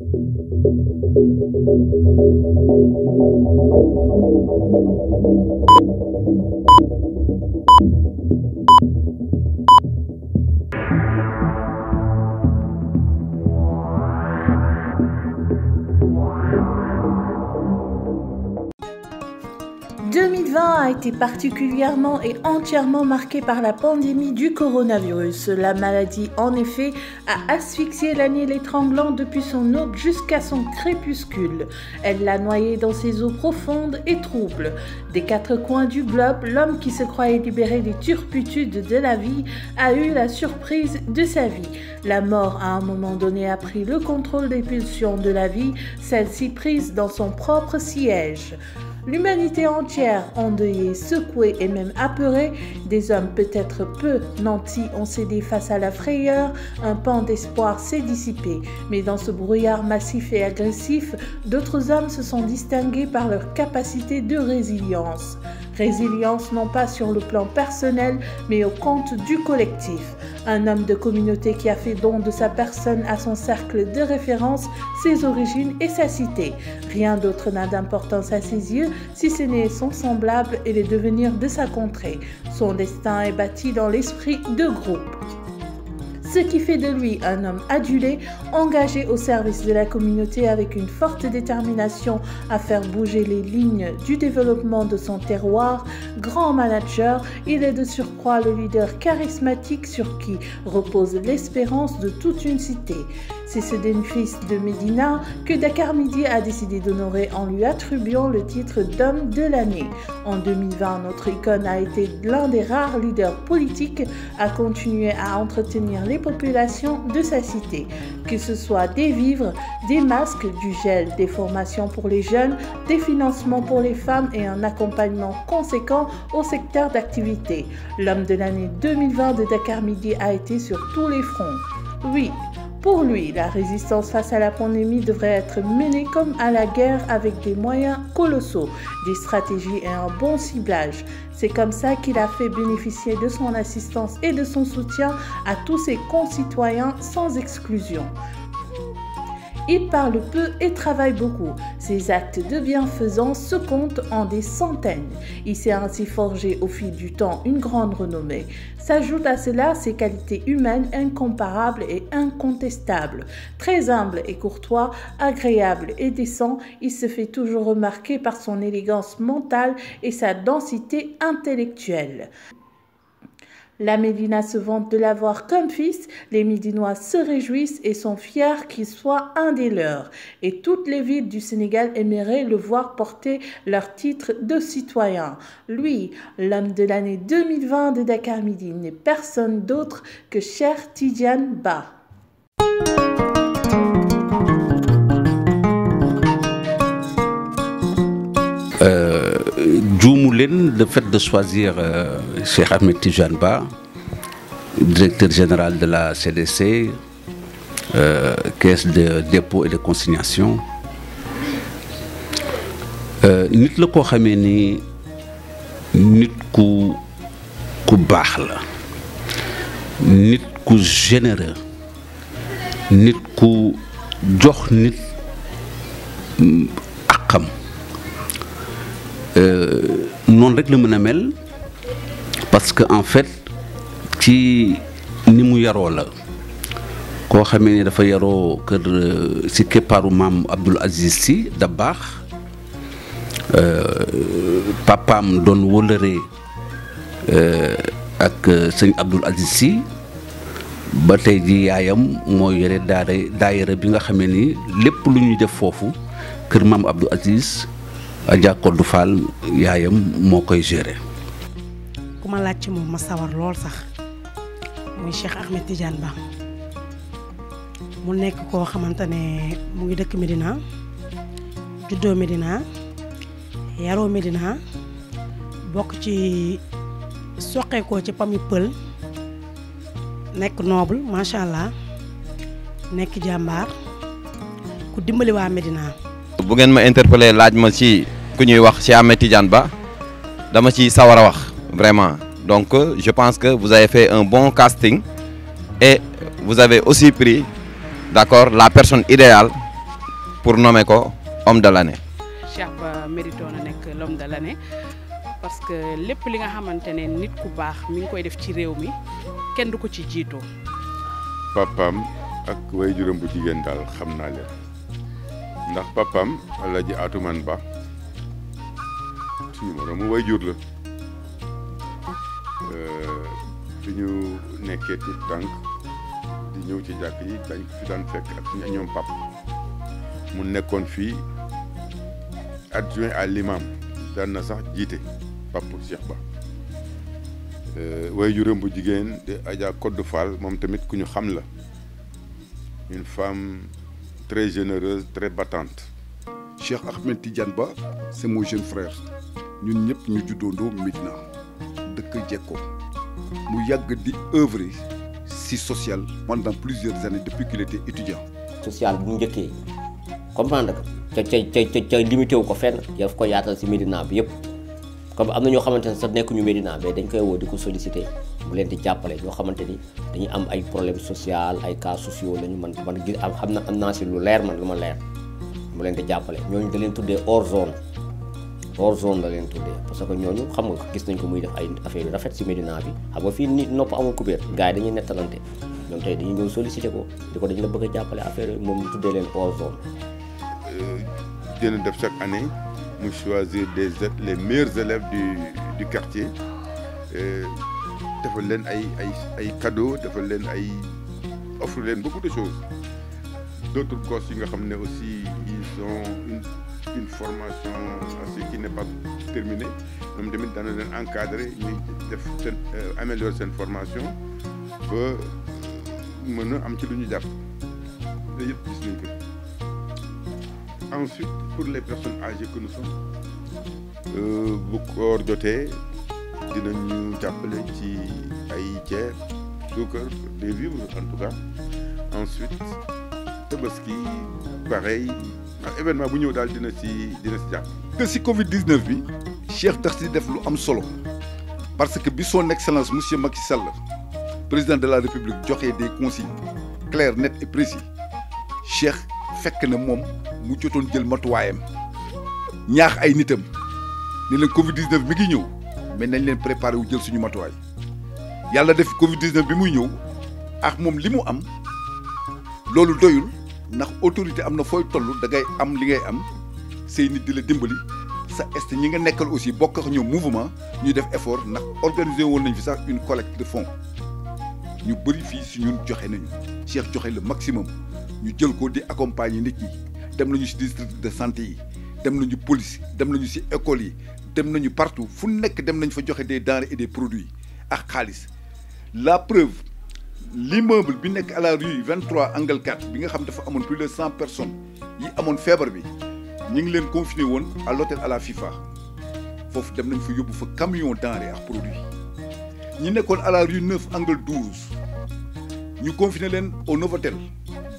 Thank you. a été particulièrement et entièrement marqué par la pandémie du coronavirus. La maladie, en effet, a asphyxié l'année étranglant depuis son aube jusqu'à son crépuscule. Elle l'a noyé dans ses eaux profondes et troubles. Des quatre coins du globe, l'homme qui se croyait libéré des turpitudes de la vie a eu la surprise de sa vie. La mort, à un moment donné, a pris le contrôle des pulsions de la vie, celle-ci prise dans son propre siège. l'humanité entière endeuillée, secouée et même apeurée, des hommes peut-être peu nantis ont cédé face à la frayeur, un pan d'espoir s'est dissipé. Mais dans ce brouillard massif et agressif, d'autres hommes se sont distingués par leur capacité de résilience. Résilience non pas sur le plan personnel, mais au compte du collectif. Un homme de communauté qui a fait don de sa personne à son cercle de référence, ses origines et sa cité. Rien d'autre n'a d'importance à ses si ce n'est son semblable et les devenirs de sa contrée. Son destin est bâti dans l'esprit de groupe. ce qui fait de lui un homme adulé, engagé au service de la communauté avec une forte détermination à faire bouger les lignes du développement de son terroir. Grand manager, il est de surcroît le leader charismatique sur qui repose l'espérance de toute une cité. C'est ce fils de Médina que Dakar Midi a décidé d'honorer en lui attribuant le titre d'homme de l'année. En 2020, notre icône a été l'un des rares leaders politiques à continuer à entretenir populations de sa cité, que ce soit des vivres, des masques, du gel, des formations pour les jeunes, des financements pour les femmes et un accompagnement conséquent au secteur d'activité. L'homme de l'année 2020 de Dakar Midi a été sur tous les fronts. Oui, Pour lui, la résistance face à la pandémie devrait être menée comme à la guerre avec des moyens colossaux, des stratégies et un bon ciblage. C'est comme ça qu'il a fait bénéficier de son assistance et de son soutien à tous ses concitoyens sans exclusion. Il parle peu et travaille beaucoup. Ses actes de bienfaisance se comptent en des centaines. Il s'est ainsi forgé au fil du temps une grande renommée. S'ajoutent à cela ses qualités humaines incomparables et incontestables. Très humble et courtois, agréable et décent, il se fait toujours remarquer par son élégance mentale et sa densité intellectuelle. La Médina se vante de l'avoir comme fils, les Médinois se réjouissent et sont fiers qu'il soit un des leurs. Et toutes les villes du Sénégal aimeraient le voir porter leur titre de citoyen. Lui, l'homme de l'année de Dakar Midi, n'est personne d'autre que Cher Tidjane Ba. juumu leen le fait de choisir euh, Cheikh Ahmed Tidiane Ba directeur général de la CDC euh, caisse de dépôt et de consignation euh, nit la koo xamee ni nit ku ku baax la nit ku généreux nit ku jox nit Euh, noonu rek la mën a mel parce que en fait ci ni mu yaroo la koo xamee ni dafa yaroo kër euh, si keppaaru maam Abdoul Aziz Sy Dabakh euh, papaam doon wólëre ak sëñ Abdoul Aziz Sy ba tey ji yaayam moo yore daara daayira bi nga xamee ni lépp lu ñuy def foofu kër maam Abdoul Aziz Adja Kodou Fall yaayam moo koy gérer. ku ma laaj ci moom ma sawar lool sax muy Cheikh Ahmed Tidiane Ba mu nekk koo xamante ne mu ngi dëkk Medina juddoo Medina yaroo Medina bokk ci soqeekoo ci pami pël nekk noble macha allah nekk jàmbaar ku dimbali waa Medina. bu ngeen ma interpellé laaj ma ci. ku ñuy wax Cheikh Ahmed Tidiane Ba dama ci sawar a wax vraiment donc je pense que vous avez fait un bon casting et vous avez aussi pris d'accord la personne idéale pour nommer ko homme de l'année. Cheikh Ba mérito parce que lépp li nga xamante ne nit ku baax mi ngi koy def ci réew mi kenn du ko ci jiitu. papaam ak waajuram bu jigéen daal xam naa leen ndax papaam El Hadj Atoumane Ba. suñu moroomu way jur fi ñu nekkee tout tànk di ñëw ci jàkk yi dañ fi daan fekk ak ñoom pap mu nekkoon fii adjoint à l'imam daan na sax jiite pap Cheikh Ba euh, way juram bu jigéen di Adja Codé Fall moom tamit ku ñu xam la une femme très généreuse très battante Cheikh Ahmed Tidiane Ba c'est mon jeune frère ñun ñëpp ñu juddoondoo Médina dëkk Jekko mu yàgg di œuvrer si social pendant plusieurs années depuis qu'il était étudiant. social bu njëkkee comprendre que ca ca ca ca limité wu ko fenn daf ko yaatal si Médina bi yëpp comme am na ñoo xamante ne sax nekkuñu Médina mais dañ koy woo di ko sollicité mu leen di jàppale ñoo xamante ni dañuy am ay problème social ay cas sociaux lañu man man gis am xam na am naa si lu leer man lu ma leer mu leen di jàppale ñooñu da leen tuddee hors hors zone la leen tuddee parce que ñooñu xam nga gis nañ ko muy def ay affaire yu rafet si Médina bi xam nga fii nit nopp amul kubéer gars yi dañuy nettalante ñoom tey dañuy ñëw sollicité ko di ko dañu la bëgg a jàppale affaire moom tuddee leen hors zone. Euh, dina def chaque année mu choisir des les meilleurs élèves du du quartier euh, defal leen ay ay ay cadeaux defal leen ay offre leen beaucoup de choses d'autres gosses yi nga xam ne aussi ils une formation aussi qui n'est pas terminée ñoom tamit dana leen encadré ñu def seen euh, améliorer formation ba mën a am ci lu ñu jàpp te yëpp gis nañ ensuite pour les personnes âgées que nous sommes euh, bu koor jotee dinañu jàppale ci ay ceeb suukar des vivres en tout cas ensuite Tabaski pareil ak ah, bu ñëw daal dina ci dina si Covid 19 bi Cheikh tax si def lu am solo parce que bi son excellence monsieur Macky Sall président de la république joxe des consignes claires nettes et précis Cheikh fekk na moom mu jotoon jël matuwaayam ñaax ay nitam ñu leen Covid 19 mi ngi ñëw mais nañ leen préparé wu jël suñu matuwaay yàlla def Covid 19 bi muy ñëw ak moom li mu am loolu doyul. ndax autorité am na fooy toll da am li ngay am say nit di la dimbali sa est ñi nga nekkal aussi bokk ak ñoom mouvement ñuy def effort ndax organiser woon nañ fi sax une collecte de fonds ñu bëri fii si ñun joxe nañu Cheikh joxe le maximum ñu jël ko di accompagner nit ñi dem nañu si district de santé yi dem nañu police dem nañu si école yi dem nañu partout fu nekk dem nañ fa joxe des denrées et des produits ak xaalis la preuve l'immeuble bi nekk à la rue 23 angle 4 bi nga xam dafa amoon plus de cent personnes yi amoon feebar bi ñu ngi leen confiné woon à l'hôtel FIFA foofu dem nañ fa yóbbu fa camion denrée ak produit ñi nekkoon à la rue 9 angle 12 ñu confiné leen au Novotel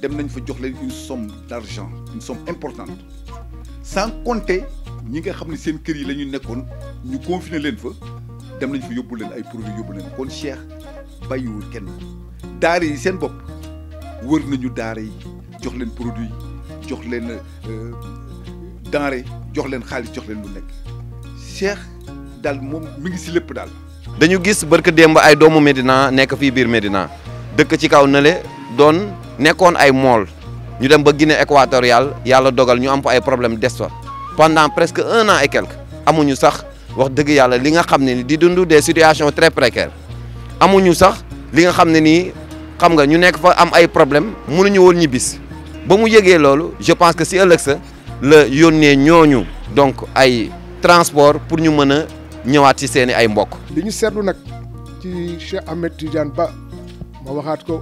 dem nañ fa jox leen une somme d'argent une somme importante sans compter ñi nga xam ne seen kër yi la ñu nekkoon ñu confiné leen fa dem nañ fa yóbbu leen ay produits yóbbu leen kon Cheikh bàyyiwul kenn. daara yi seen bopp wër nañu daara yi jox leen produit jox leen euh, denrée jox leen xaalis jox leen lu nekk Cheikh daal moom mi ngi si lépp daal. dañu gis barka démb ay doomu Médina nekk fii biir Médina dëkk ci kaw nale doon nekkoon ay mool ñu dem ba Guinée équatoriale yàlla dogal ñu am fa ay problème des fa pendant presque un an ay quelque amuñu sax wax dëgg yàlla li nga xam ne ni di dundu des situations très précaires amuñu sax li nga xam ne nii xam nga ñu nekk fa am ay problème mënuñu ñëwoon ñibbis ba mu yëgee loolu je pense que si ëllëg sa la yónnee ñooñu donc ay transport pour ñu mën a ñëwaat ci seeni ay mbokk. li ñu seetlu nag ci Cheikh Ahmed Tidiane Ba ma waxaat ko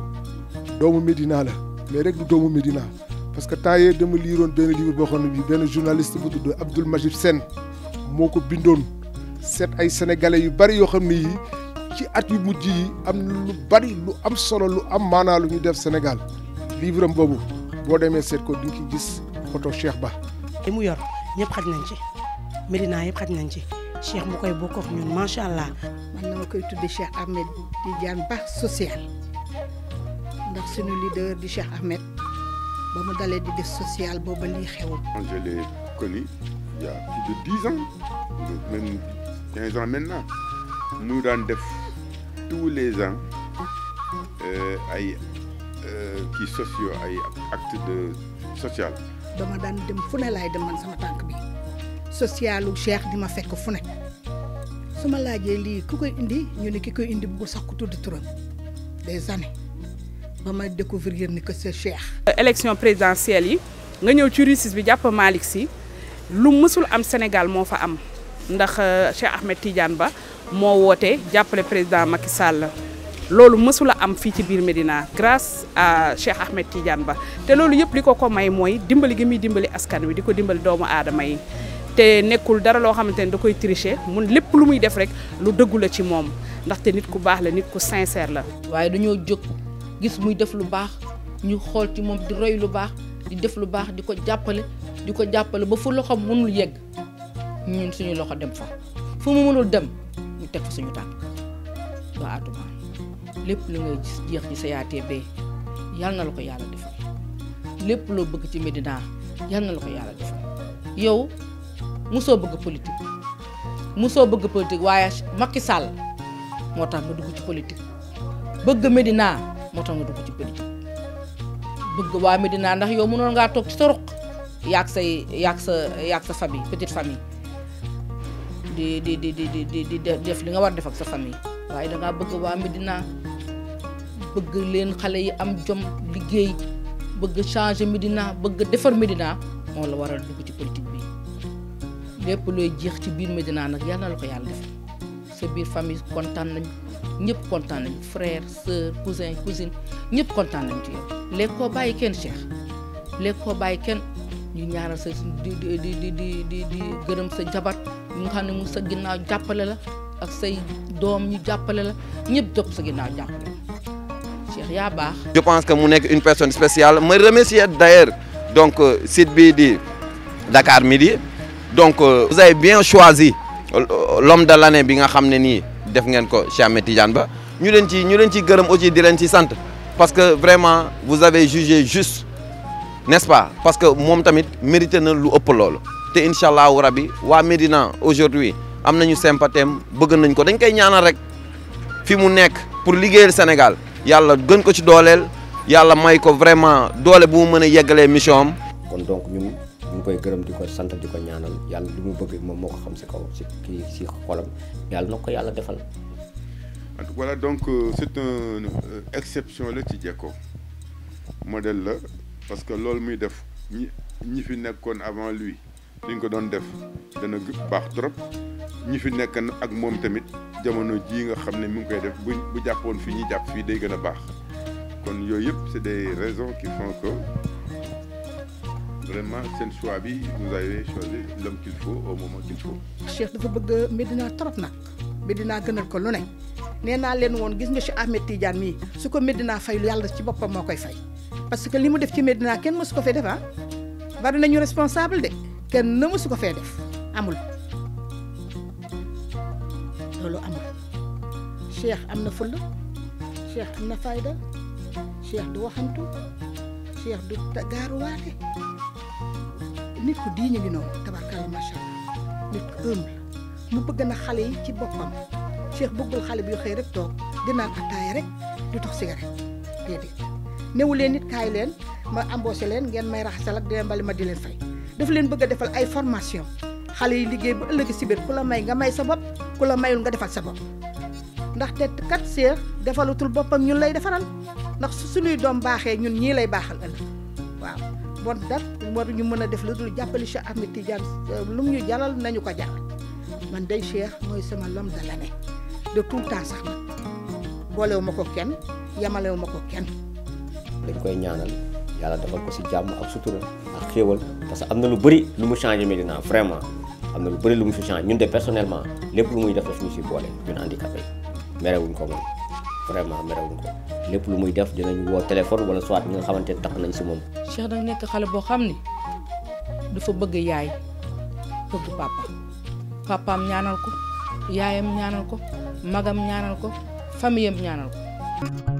doomu Médina la mais rek du doomu Médina parce que temps yee dama liiroon benn livre boo xam ne bii benn journaliste bu tudd Abdoul Majid Sène moo ko bindoon seet ay sénégalais yu bari yoo xam ne yii. ci at yu mujj yi am lu bari lu am solo lu am maanaa lu ñu def Sénégal livre am boobu boo demee seet ko di ci gis photo Cheikh Ba. li mu yor ñëpp xaj nañ ci Medina yëpp xaj nañ ci Cheikh mu koy bokk ñun macha allah. man dama koy tuddee Cheikh Ahmed Tidiane Ba social ndax suñu leader di Cheikh Ahmed ba mu dalee di def social boobu lii xewul. nu daan def tous les ans euh, ay euh, kii sociaux ay acte de social. dama daan dem fu ne laay dem man sama tànk bi socialu Cheikh di ma fekk fu ne su ma laajee lii ku koy indi ñu ne ki koy indi bu sax ku tudd turam des années ba ma découvrir ni que c'est Cheikh. élection présidentielle yi nga ñëw ci réussite bi jàpp Malick si lu mësul am Sénégal moo fa am ndax euh, Cheikh Ahmed Tidiane Ba. moo wootee jàppale président Macky Sall loolu mësula am fii ci biir Médina grâce à Cheikh Ahmed Tidiane Ba te loolu yëpp li ko ko may mooy dimbali gi muy dimbali askan wi di ko dimbali doomu aadama yi te nekkul dara loo xamante ne da koy tricher mun lépp lu muy def rek lu dëggu la ci moom ndaxte nit ku baax la nit ku sincère la. waaye dañoo jóg gis muy def lu baax ñu xool ci moom di roy lu baax di def lu baax di ko jàppale di ko jàppale ba fu loxo mënul yegg ñun suñu loxo dem fa fu mu mënul dem. teg fa suñu tànk doo àdduma lépp lu ngay gis jeex ci sa yaatee yàlla na la ko yàlla defal lépp loo bëgg ci Medina yàlla na la ko yàlla defal yow mosoo bëgg politique mosoo bëgg politique waaye Macky Sall moo tax nga dugg ci politique bëgg Medina moo tax nga dugg ci politique bëgg waa Medina ndax yow mënoon ngaa toog ci sa ruq yaag say yaag sa yaag sa famille petite famille di di di di di def li nga war def ak sa famille waaye dangaa bëgg waa Medina bëgg leen xale yi am jom liggéey bëgg changer Medina bëgg defar Medina moo la waral dugg ci politique bi lépp looy jeex ci biir Medina nag yàlla na la ko yàlla def sa biir famille kontaan nañ ñëpp kontaan nañ frère sœur cousin cousine ñëpp kontaan nañ ci yow koo bàyyi kenn Cheikh léegi koo bàyyi kenn. ñu ñaanal sa di di di di di di gërëm sa jabar ñu nga xam mu sa ginnaaw jàppale la ak say doom ñu jàppale la ñëpp topp sa ginnaaw jàppale la Cheikh yaa baax. je pense que mu nekk une personne spéciale ma remercier d'ailleurs donc euh, site bii di Dakar Midi donc euh, vous avez bien choisi euh, l'homme de ne bi nga xam ne nii def ngeen ko Cheikh Ahmed Tidiane Ba ñu leen ci ñu leen ci gërëm aussi di leen ci sant parce que vraiment vous avez jugé juste. n'est-ce pas parce que moom tamit mérité na lu ëpp loolu te incha allahu rabi waa Médina aujourd'hui am nañu sympathème bëgg nañ ko dañ koy ñaanal rek fi mu nekk pour liggéeyal Sénégal yàlla gën ko ci dooleel yàlla may ko vraiment doole bu mu mën a yeggalee mission am. kon donc ñun ñu ngi koy gërëm di ko sant di ko ñaanal yàlla li mu bëgg moom moo ko xam si kaw si kii si xolam yàlla na ko yàlla defal. voilà donc euh, c'est un euh, exception la ci Diecko modèle la. parce que loolu muy def ñi ñi fi nekkoon avant lui li ñu ko doon def dana baax trop ñi fi nekk ak moom tamit jamono jii nga xam ne mu ngi koy def bu bu jàppoon fii ñi jàpp fii day gën a baax kon yooyu yëpp c'est des raisons qui font que vraiment seen choix bi vous avez choisi l'homme qu'il faut au dafa bëgg Medina trop nag Medina gënal ko lu ne nee naa leen woon gis nga si Ahmed Tidiane mii su ko Medina fay yàlla ci boppam moo koy fay. parce que li mu def ci Medina kenn mësu ko fee def ah bari nañu responsable de kenn na mësu ko fee def amul loolu amul Cheikh am na fulla Cheikh am na fayda Cheikh du waxantu Cheikh du gaaruwaate nit ku diine gi noonu tabarkaale macha allah nit ku mu bëgg na xale yi ci boppam Cheikh bëggul xale bi yu xëy rek toog dinaan attaaya rek di tox cigarette déedéet newu leen nit kaay leen ma embauché leen ngeen may raxasal ak di leen ma di leen fay daf leen bëgg a defal ay formation xale yi liggéey ba ëllëg si biir ku la may nga may sa bopp ku la mayul nga defal sa bopp te kat seer defalutul boppam ñun lay defaral ndax su suñuy doom baaxee ñun ñii lay baaxal ëllëg waaw bon dat ñu mën a def lu dul jàppale Cheikh Ahmed Tidiane euh, lu mu ñu jalal nañu ko jàll man day Cheikh mooy sama l'homme de l'année de tout sax nag ko kenn yamalewu ko kenn dañ koy ñaanal yàlla defal ko si jàmm ak sutura ak xéewal parce que am na lu bëri lu mu changé Médina vraiment am na lu bëri lu mu fi changé ñun de personnellement lépp lu muy def daf ñu si boole ñun handicapé yi merewuñ ko moom vraiment merewuñ ko lépp lu muy def dinañ woo téléphone wala soit ñi nga xamante ne tax nañ si moom Cheikh dafa nekk xale boo xam ne dafa bëgg yaay bëgg papa papaam ñaanal ko yaayam ñaanal ko magam ñaanal ko famille am ñaanal ko